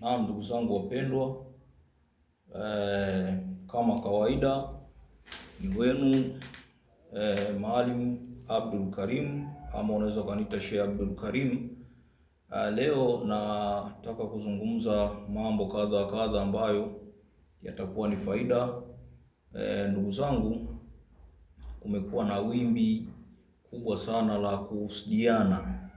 Naam, ndugu zangu wapendwa, e, kama kawaida ni wenu e, Maalim Abdul Karim ama unaweza ukaniita Sheikh Abdul Karim. E, leo nataka kuzungumza mambo kadha kadha ambayo yatakuwa ni faida. E, ndugu zangu, kumekuwa na wimbi kubwa sana la kuhusudiana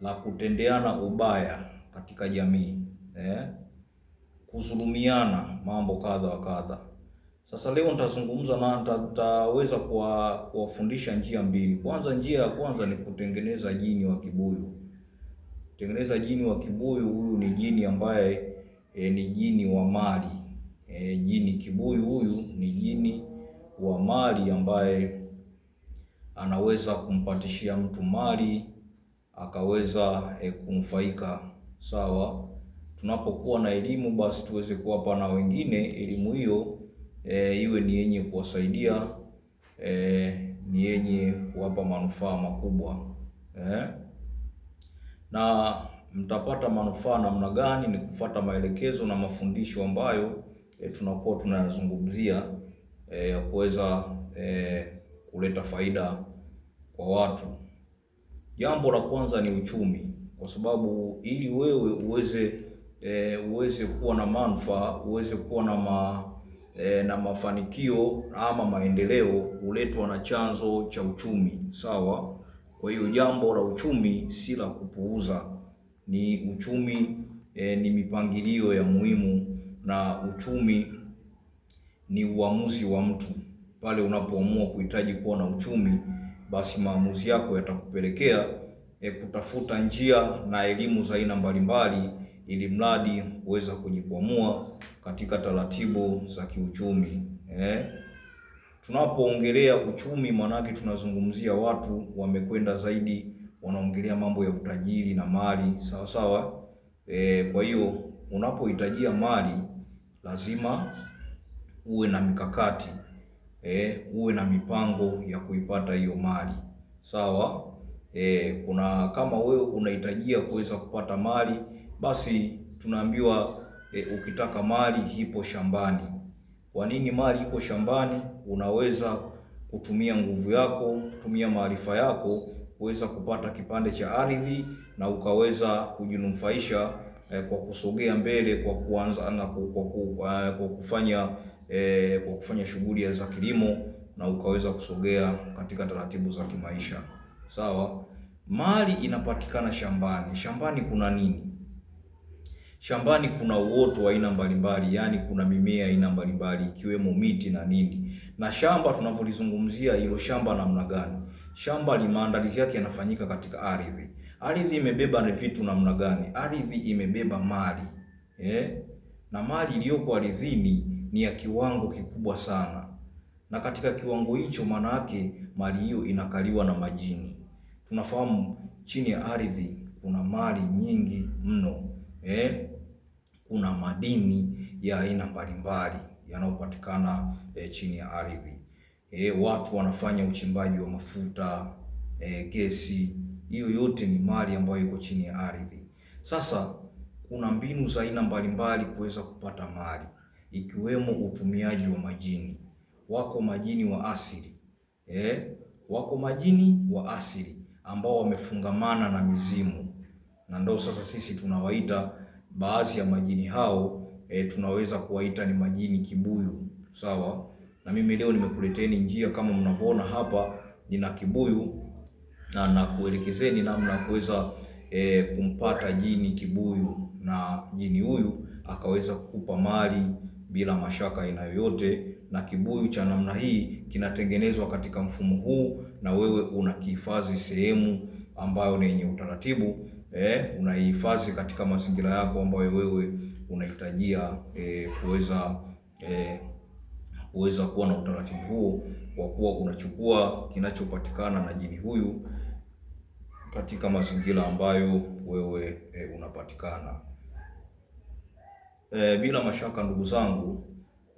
la kutendeana ubaya katika jamii eh, kuzulumiana mambo kadha wa kadha. Sasa leo nitazungumza na nitaweza kuwafundisha njia mbili. Kwanza, njia ya kwanza ni kutengeneza jini wa kibuyu. Kutengeneza jini wa kibuyu, huyu ni jini ambaye e, ni jini wa mali e, jini kibuyu huyu ni jini wa mali ambaye anaweza kumpatishia mtu mali akaweza e, kumfaika sawa tunapokuwa na elimu basi tuweze kuwapa na wengine elimu hiyo, e, iwe ni yenye kuwasaidia e, ni yenye kuwapa manufaa makubwa e. Na mtapata manufaa namna gani? Ni kufuata maelekezo na mafundisho ambayo e, tunakuwa tunayazungumzia ya e, kuweza e, kuleta faida kwa watu. Jambo la kwanza ni uchumi, kwa sababu ili wewe uweze e, uweze kuwa na manufaa, uweze kuwa na ma, e, na mafanikio ama maendeleo huletwa na chanzo cha uchumi, sawa. Kwa hiyo jambo la uchumi si la kupuuza, ni uchumi e, ni mipangilio ya muhimu, na uchumi ni uamuzi wa mtu. Pale unapoamua kuhitaji kuwa na uchumi, basi maamuzi yako yatakupelekea e, kutafuta njia na elimu za aina mbalimbali ili mradi uweza kujikwamua katika taratibu za kiuchumi eh. Tunapoongelea uchumi, maanake tunazungumzia watu wamekwenda zaidi, wanaongelea mambo ya utajiri na mali sawa sawa. E, kwa hiyo unapohitajia mali lazima uwe na mikakati e, uwe na mipango ya kuipata hiyo mali sawa. E, kuna kama wewe unahitajia kuweza kupata mali basi tunaambiwa e, ukitaka mali ipo shambani. Kwa nini mali iko shambani? Unaweza kutumia nguvu yako, kutumia maarifa yako kuweza kupata kipande cha ardhi na ukaweza kujinufaisha e, kwa kusogea mbele kwa kuanza na kwa, kwa, kwa, kwa kufanya e, kwa kufanya shughuli za kilimo na ukaweza kusogea katika taratibu za kimaisha. Sawa? Mali inapatikana shambani. Shambani kuna nini? Shambani kuna uoto wa aina mbalimbali, yaani kuna mimea aina mbalimbali ikiwemo miti na nini. Na shamba tunapolizungumzia hilo shamba namna gani? Shamba ni maandalizi yake yanafanyika katika ardhi. Ardhi imebeba na vitu namna gani? Ardhi imebeba mali eh? na mali iliyoko ardhini ni ya kiwango kikubwa sana, na katika kiwango hicho, maana yake mali hiyo inakaliwa na majini. Tunafahamu chini ya ardhi kuna mali nyingi mno eh? kuna madini ya aina mbalimbali yanayopatikana e, chini ya ardhi. E, watu wanafanya uchimbaji wa mafuta e, gesi. Hiyo yote ni mali ambayo iko chini ya ardhi. Sasa kuna mbinu za aina mbalimbali kuweza kupata mali ikiwemo utumiaji wa majini. Wako majini wa asili e, wako majini wa asili ambao wamefungamana na mizimu, na ndio sasa sisi tunawaita baadhi ya majini hao e, tunaweza kuwaita ni majini kibuyu, sawa. Na mimi leo nimekuleteni njia kama mnavyoona hapa, nina kibuyu na nakuelekezeni namna ya kuweza e, kumpata jini kibuyu na jini huyu akaweza kukupa mali bila mashaka aina yoyote. Na kibuyu cha namna hii kinatengenezwa katika mfumo huu, na wewe unakihifadhi sehemu ambayo ni yenye utaratibu eh, unaihifadhi katika mazingira yako ambayo wewe unahitajia eh, kuweza eh, kuweza kuwa na utaratibu huo wa kuwa unachukua kinachopatikana na jini huyu katika mazingira ambayo wewe e, unapatikana. E, bila mashaka ndugu zangu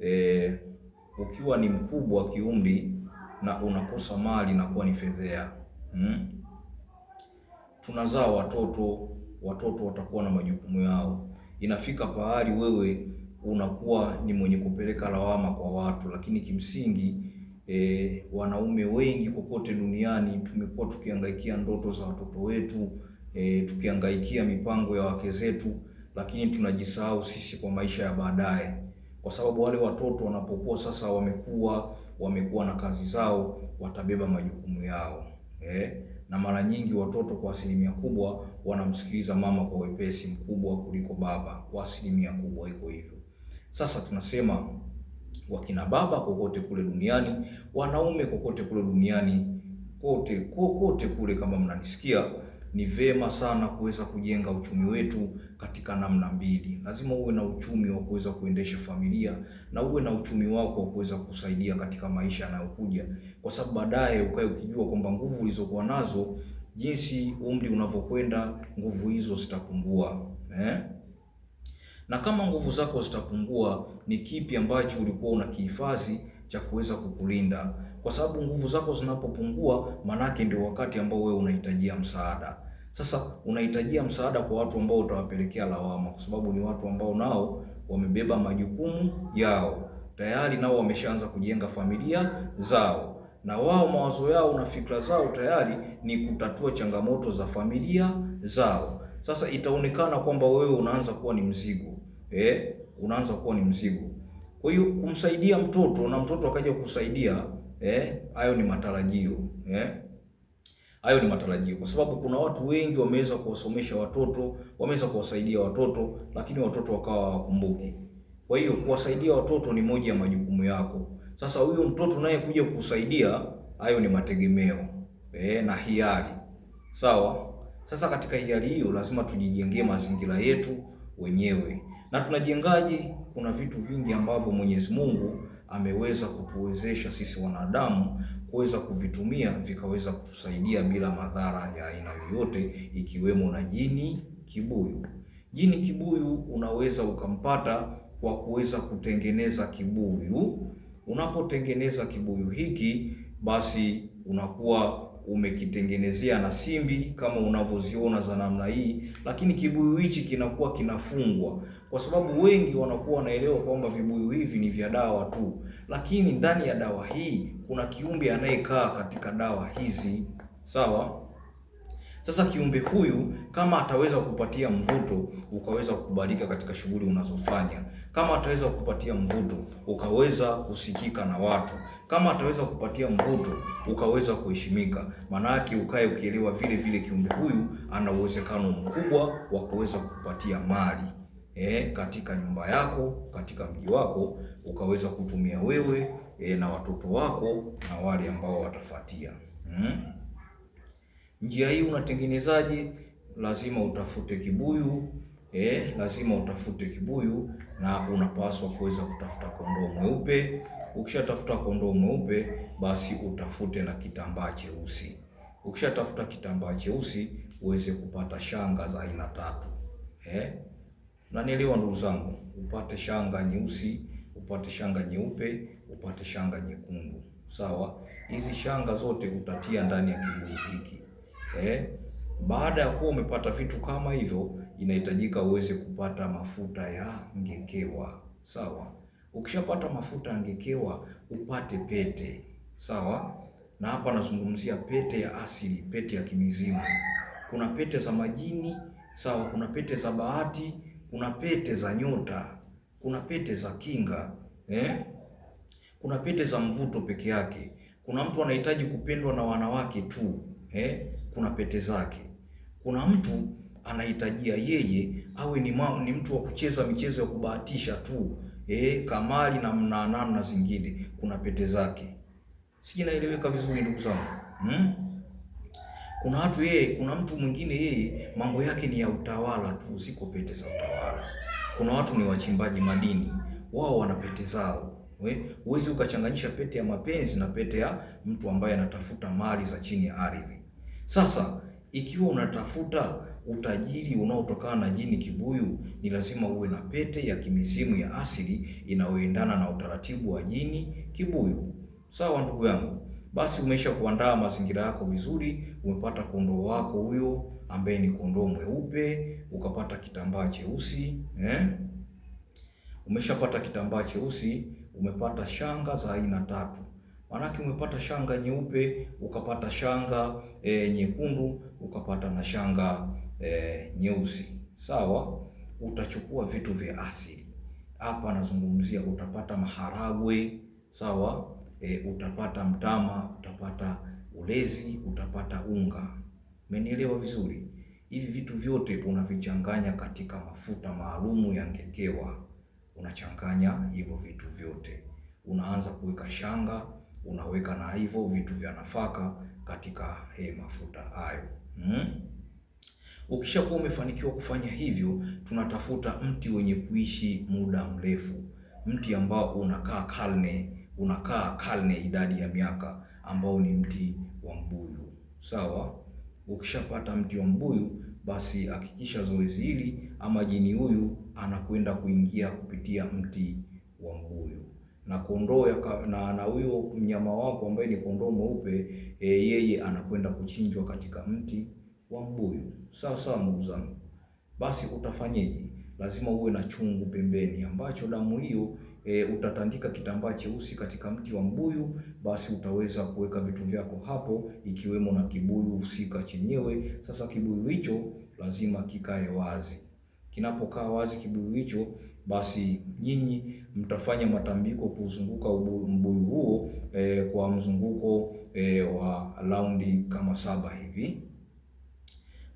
e, ukiwa ni mkubwa kiumri na unakosa mali na kuwa ni fedhea hmm? tunazaa watoto, watoto watakuwa na majukumu yao. Inafika pahali wewe unakuwa ni mwenye kupeleka lawama kwa watu, lakini kimsingi e, wanaume wengi popote duniani tumekuwa tukihangaikia ndoto za watoto wetu e, eh, tukihangaikia mipango ya wake zetu, lakini tunajisahau sisi kwa maisha ya baadaye, kwa sababu wale watoto wanapokuwa sasa wamekuwa wamekuwa na kazi zao, watabeba majukumu yao eh na mara nyingi watoto kwa asilimia kubwa wanamsikiliza mama kwa wepesi mkubwa kuliko baba, kwa asilimia kubwa iko hivyo. Sasa tunasema wakina baba kokote kule duniani, wanaume kokote kule duniani, kote kokote kule, kama mnanisikia ni vema sana kuweza kujenga uchumi wetu katika namna mbili. Lazima uwe na uchumi wa kuweza kuendesha familia na uwe na uchumi wako wa kuweza kusaidia katika maisha yanayokuja, kwa sababu baadaye ukae ukijua kwamba nguvu ulizokuwa nazo, jinsi umri unavyokwenda, nguvu hizo zitapungua eh? na kama nguvu zako zitapungua, ni kipi ambacho ulikuwa unakihifadhi cha kuweza kukulinda? Kwa sababu nguvu zako zinapopungua, manake ndio wakati ambao wewe unahitajia msaada. Sasa unahitajia msaada kwa watu ambao utawapelekea lawama, kwa sababu ni watu ambao nao wamebeba majukumu yao tayari, nao wameshaanza kujenga familia zao, na wao mawazo yao na fikra zao tayari ni kutatua changamoto za familia zao. Sasa itaonekana kwamba wewe unaanza kuwa ni mzigo eh, unaanza kuwa ni mzigo. Kwa hiyo kumsaidia mtoto na mtoto akaja kukusaidia eh, hayo ni matarajio eh. Hayo ni matarajio, kwa sababu kuna watu wengi wameweza kuwasomesha watoto, wameweza kuwasaidia watoto, lakini watoto wakawa hawakumbuki. Kwa hiyo kuwasaidia watoto ni moja ya majukumu yako. Sasa huyo mtoto naye kuja kukusaidia, hayo ni mategemeo e, na hiari sawa. Sasa katika hiari hiyo lazima tujijengee mazingira yetu wenyewe, na tunajengaje? Kuna vitu vingi ambavyo Mwenyezi Mungu ameweza kutuwezesha sisi wanadamu kuweza kuvitumia vikaweza kutusaidia bila madhara ya aina yoyote, ikiwemo na jini kibuyu. Jini kibuyu unaweza ukampata kwa kuweza kutengeneza kibuyu. Unapotengeneza kibuyu hiki, basi unakuwa umekitengenezea na simbi kama unavyoziona za namna hii, lakini kibuyu hichi kinakuwa kinafungwa, kwa sababu wengi wanakuwa wanaelewa kwamba vibuyu hivi ni vya dawa tu, lakini ndani ya dawa hii kuna kiumbe anayekaa katika dawa hizi, sawa. Sasa kiumbe huyu kama ataweza kupatia mvuto, ukaweza kukubalika katika shughuli unazofanya, kama ataweza kupatia mvuto, ukaweza kusikika na watu kama ataweza kupatia mvuto ukaweza kuheshimika, maanake ukae ukielewa vile vile kiumbe huyu ana uwezekano mkubwa wa kuweza kupatia mali e, katika nyumba yako, katika mji wako, ukaweza kutumia wewe e, na watoto wako na wale ambao watafuatia. Hmm? Njia hii unatengenezaje? Lazima utafute kibuyu eh, lazima utafute kibuyu na unapaswa kuweza kutafuta kondoo mweupe. Ukishatafuta kondoo mweupe, basi utafute na kitambaa cheusi. Ukishatafuta kitambaa cheusi, uweze kupata shanga za aina tatu eh? na ndugu zangu, upate shanga nyeusi, upate shanga nyeupe, upate shanga nyekundu. Sawa, hizi shanga zote utatia ndani ya kibuyu hiki eh? Baada ya kuwa umepata vitu kama hivyo inahitajika uweze kupata mafuta ya ngekewa, sawa. Ukishapata mafuta ya ngekewa upate pete, sawa. Na hapa anazungumzia pete ya asili, pete ya kimizimu. Kuna pete za majini, sawa. Kuna pete za bahati, kuna pete za nyota, kuna pete za kinga eh? Kuna pete za mvuto peke yake. Kuna mtu anahitaji kupendwa na wanawake tu eh? Kuna pete zake. Kuna mtu anahitajia yeye awe ni, ma, ni mtu wa kucheza michezo ya kubahatisha tu e, kamari na mna namna zingine, kuna pete zake. Sijui naeleweka vizuri ndugu zangu hmm? Kuna watu yeye, kuna mtu mwingine yeye mambo yake ni ya utawala tu, ziko pete za utawala. Kuna watu ni wachimbaji madini, wao wana pete zao. Huwezi ukachanganyisha pete ya mapenzi na pete ya mtu ambaye anatafuta mali za chini ya ardhi. Sasa ikiwa unatafuta utajiri unaotokana na jini kibuyu ni lazima uwe na pete ya kimizimu ya asili inayoendana na utaratibu wa jini kibuyu. Sawa ndugu yangu, basi umesha kuandaa mazingira yako vizuri. Umepata kondoo wako huyo ambaye ni kondoo mweupe, ukapata kitambaa cheusi eh? Umeshapata kitambaa cheusi, umepata shanga za aina tatu Manake umepata shanga nyeupe, ukapata shanga e, nyekundu, ukapata na shanga e, nyeusi sawa. Utachukua vitu vya asili hapa, anazungumzia utapata maharagwe sawa, e, utapata mtama, utapata ulezi, utapata unga. Umenielewa vizuri? Hivi vitu vyote unavichanganya katika mafuta maalumu ya ngekewa. Unachanganya hivyo vitu vyote, unaanza kuweka shanga, unaweka na hivyo vitu vya nafaka katika he eh, mafuta hayo hmm? Ukishakuwa umefanikiwa kufanya hivyo, tunatafuta mti wenye kuishi muda mrefu, mti ambao unakaa karne, unakaa karne idadi ya miaka, ambao ni mti wa mbuyu. Sawa, ukishapata mti wa mbuyu, basi hakikisha zoezi hili ama jini huyu anakwenda kuingia kupitia mti wa mbuyu na kondoo na na huyo mnyama wako ambaye ni kondoo mweupe, e, yeye anakwenda kuchinjwa katika mti wa mbuyu. Sawa sawa, ndugu zangu, basi utafanyeje? Lazima uwe na chungu pembeni ambacho damu hiyo e, utatandika kitambaa cheusi katika mti wa mbuyu, basi utaweza kuweka vitu vyako hapo, ikiwemo na kibuyu husika chenyewe. Sasa kibuyu hicho lazima kikae wazi. Kinapokaa wazi kibuyu hicho, basi nyinyi mtafanya matambiko kuzunguka mbuyu huo e, kwa mzunguko e, wa raundi kama saba hivi.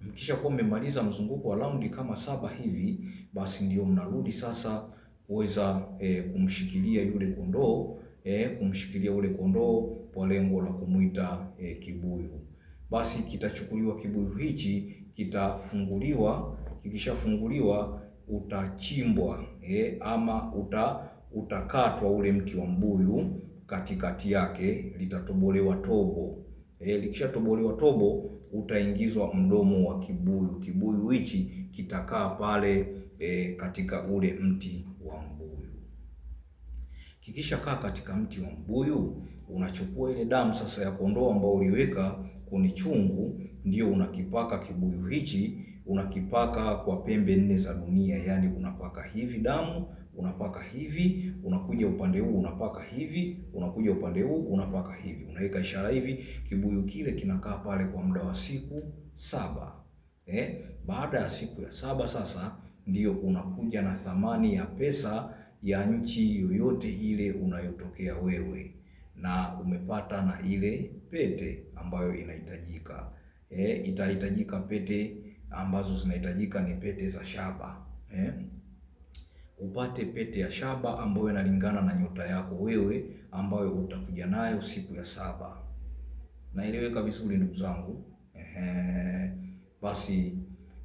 Mkisha kuwa mmemaliza mzunguko wa raundi kama saba hivi, basi ndio mnarudi sasa kuweza e, kumshikilia yule kondoo e, kumshikilia ule kondoo kwa lengo la kumwita e, eh, kibuyu. Basi kitachukuliwa kibuyu hichi, kitafunguliwa. Kikishafunguliwa utachimbwa e, ama uta utakatwa ule mti wa mbuyu katikati yake, litatobolewa tobo e, likishatobolewa tobo utaingizwa mdomo wa kibuyu, kibuyu hichi kitakaa pale e, katika ule mti wa mbuyu. kikisha kaa katika mti wa mbuyu, unachukua ile damu sasa ya kondoo ambayo uliweka kuni chungu, ndio unakipaka kibuyu hichi, unakipaka kwa pembe nne za dunia, yaani unapaka hivi damu unapaka hivi, unakuja upande huu unapaka hivi, unakuja upande huu unapaka hivi, unaweka ishara hivi. Kibuyu kile kinakaa pale kwa muda wa siku saba. Eh, baada ya siku ya saba sasa ndio unakuja na thamani ya pesa ya nchi yoyote ile unayotokea wewe, na umepata na ile pete ambayo inahitajika. Eh, itahitajika pete ambazo zinahitajika ni pete za shaba eh upate pete ya shaba ambayo inalingana na nyota yako wewe, ambayo utakuja nayo siku ya saba. Naeleweka vizuri ndugu zangu? Ehe, basi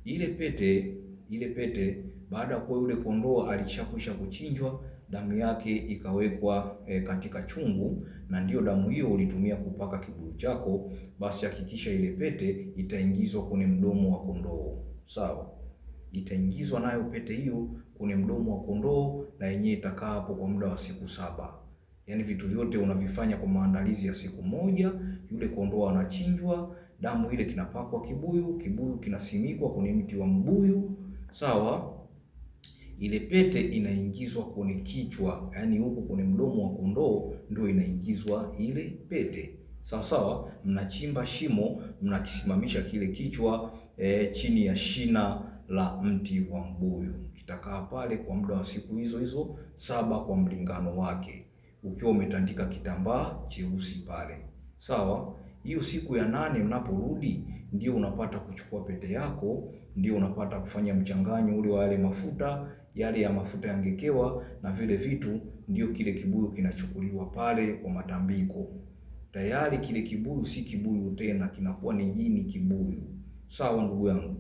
ile pete ile pete, baada ya kuwa yule kondoo alishakwisha kuchinjwa, damu yake ikawekwa e, katika chungu, na ndiyo damu hiyo ulitumia kupaka kibuyu chako, basi hakikisha ile pete itaingizwa kwenye mdomo wa kondoo, sawa? Itaingizwa nayo pete hiyo kwenye mdomo wa kondoo na yenyewe itakaa hapo kwa muda wa siku saba. Yaani vitu vyote unavifanya kwa maandalizi ya siku moja. Yule kondoo anachinjwa, damu ile kinapakwa kibuyu, kibuyu kinasimikwa kwenye mti wa mbuyu, sawa. Ile pete inaingizwa kwenye kichwa, yaani huku kwenye mdomo wa kondoo ndio inaingizwa ile pete, sawa sawa. Mnachimba shimo, mnakisimamisha kile kichwa e, chini ya shina la mti wa mbuyu kitakaa pale kwa muda wa siku hizo hizo saba kwa mlingano wake, ukiwa umetandika kitambaa cheusi pale. Sawa. Hiyo siku ya nane unaporudi, ndio unapata kuchukua pete yako, ndio unapata kufanya mchanganyo ule wa yale mafuta yale ya mafuta yangekewa na vile vitu, ndio kile kibuyu kinachukuliwa pale kwa matambiko. Tayari kile kibuyu si kibuyu tena, kinakuwa ni jini kibuyu. Sawa ndugu yangu,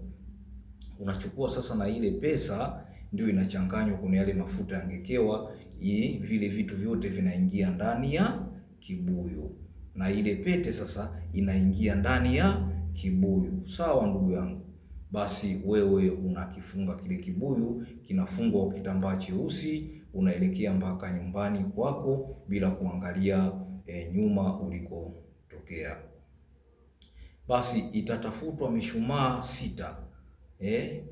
unachukua sasa na ile pesa ndio inachanganywa kwenye yale mafuta yangekewa ili vile vitu vyote vinaingia ndani ya kibuyu, na ile pete sasa inaingia ndani ya kibuyu. Sawa ndugu yangu, basi wewe unakifunga kile kibuyu, kinafungwa kwa kitambaa cheusi, unaelekea mpaka nyumbani kwako bila kuangalia e, nyuma ulikotokea. Basi itatafutwa mishumaa sita, eh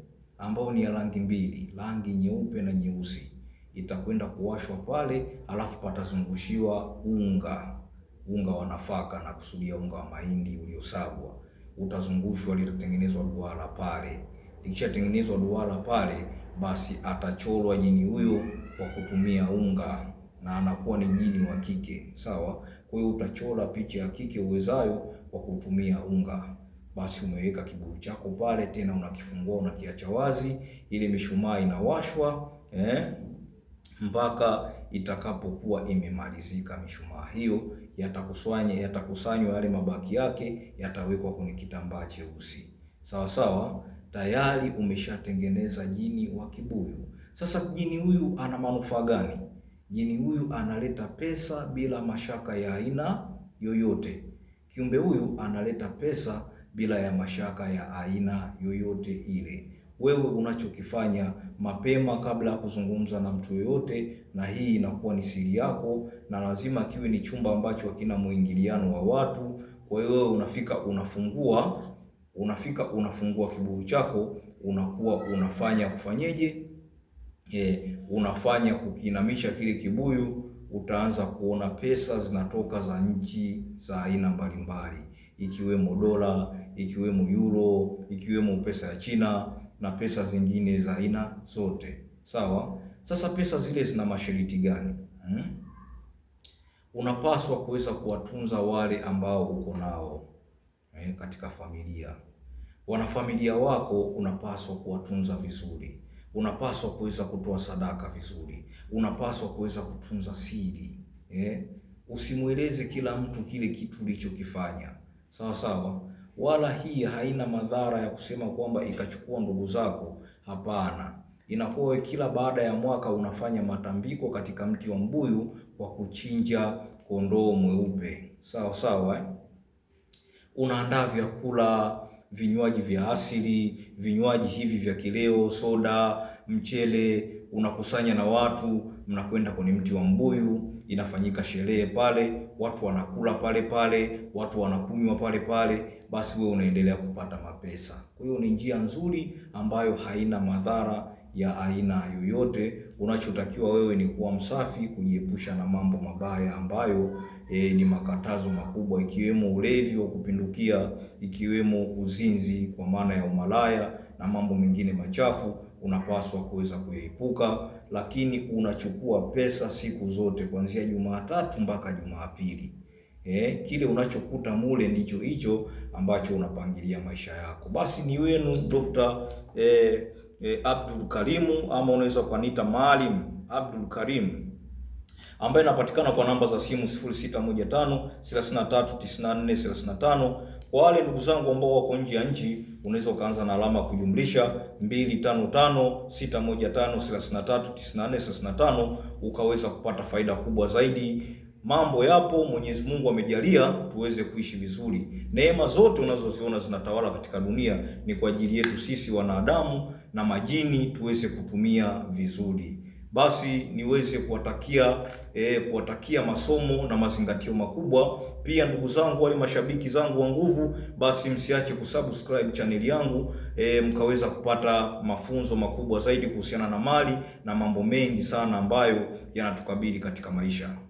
ambayo ni ya rangi mbili, rangi nyeupe na nyeusi, itakwenda kuwashwa pale, alafu patazungushiwa unga, unga wa nafaka na kusudia unga wa mahindi uliosagwa utazungushwa, litatengenezwa duara pale. Likishatengenezwa duara pale, basi atachorwa jini huyo kwa kutumia unga na anakuwa ni jini wa kike, sawa. Kwa hiyo utachora picha ya kike uwezayo kwa kutumia unga basi umeweka kibuyu chako pale tena, unakifungua unakiacha wazi, ili mishumaa inawashwa eh, mpaka itakapokuwa imemalizika mishumaa hiyo. Yatakusanywa, yatakusanywa yale mabaki yake yatawekwa kwenye kitambaa cheusi, sawa sawa. Tayari umeshatengeneza jini wa kibuyu. Sasa jini huyu ana manufaa gani? Jini huyu analeta pesa bila mashaka ya aina yoyote. Kiumbe huyu analeta pesa bila ya mashaka ya aina yoyote ile. Wewe unachokifanya mapema, kabla ya kuzungumza na mtu yoyote, na hii inakuwa ni siri yako, na lazima kiwe ni chumba ambacho hakina mwingiliano wa watu. Kwa hiyo wewe unafika unafungua unafika unafungua kibuyu chako, unakuwa unafanya kufanyeje? E, unafanya kukinamisha kile kibuyu. Utaanza kuona pesa zinatoka za nchi za aina mbalimbali ikiwemo dola ikiwemo euro, ikiwemo pesa ya China na pesa zingine za aina zote. Sawa. Sasa pesa zile zina masharti gani? Hmm? Unapaswa kuweza kuwatunza wale ambao uko nao eh, katika familia. Wanafamilia wako unapaswa kuwatunza vizuri, unapaswa kuweza kutoa sadaka vizuri, unapaswa kuweza kutunza siri eh? Usimweleze kila mtu kile kitu ulichokifanya, sawa sawa wala hii haina madhara ya kusema kwamba ikachukua ndugu zako. Hapana, inakuwa kila baada ya mwaka unafanya matambiko katika mti wa mbuyu kwa kuchinja kondoo mweupe, sawa sawa eh? Unaandaa vyakula, vinywaji vya asili, vinywaji hivi vya kileo, soda, mchele, unakusanya na watu, mnakwenda kwenye mti wa mbuyu inafanyika sherehe pale, watu wanakula pale pale, watu wanakunywa pale pale, basi wewe unaendelea kupata mapesa. Kwa hiyo ni njia nzuri ambayo haina madhara ya aina yoyote. Unachotakiwa wewe ni kuwa msafi, kujiepusha na mambo mabaya ambayo e, ni makatazo makubwa, ikiwemo ulevi wa kupindukia, ikiwemo uzinzi kwa maana ya umalaya na mambo mengine machafu unapaswa kuweza kuepuka, lakini unachukua pesa siku zote kuanzia Jumatatu mpaka Jumapili. Eh, kile unachokuta mule ndicho hicho ambacho unapangilia maisha yako. Basi ni wenu Dr. eh, eh, Abdul Karimu ama unaweza kuanita Maalim Abdul Karim ambaye anapatikana kwa namba za simu 0615 3394 35 kwa wale ndugu zangu ambao wako nje ya nchi, unaweza ukaanza na alama kujumlisha 255615339435 ukaweza kupata faida kubwa zaidi. Mambo yapo, Mwenyezi Mungu amejalia tuweze kuishi vizuri. Neema zote unazoziona zinatawala katika dunia ni kwa ajili yetu sisi wanadamu na majini tuweze kutumia vizuri basi niweze kuwatakia e, kuwatakia masomo na mazingatio makubwa. Pia ndugu zangu, wale mashabiki zangu wa nguvu, basi msiache kusubscribe chaneli yangu e, mkaweza kupata mafunzo makubwa zaidi kuhusiana na mali na mambo mengi sana ambayo yanatukabili katika maisha.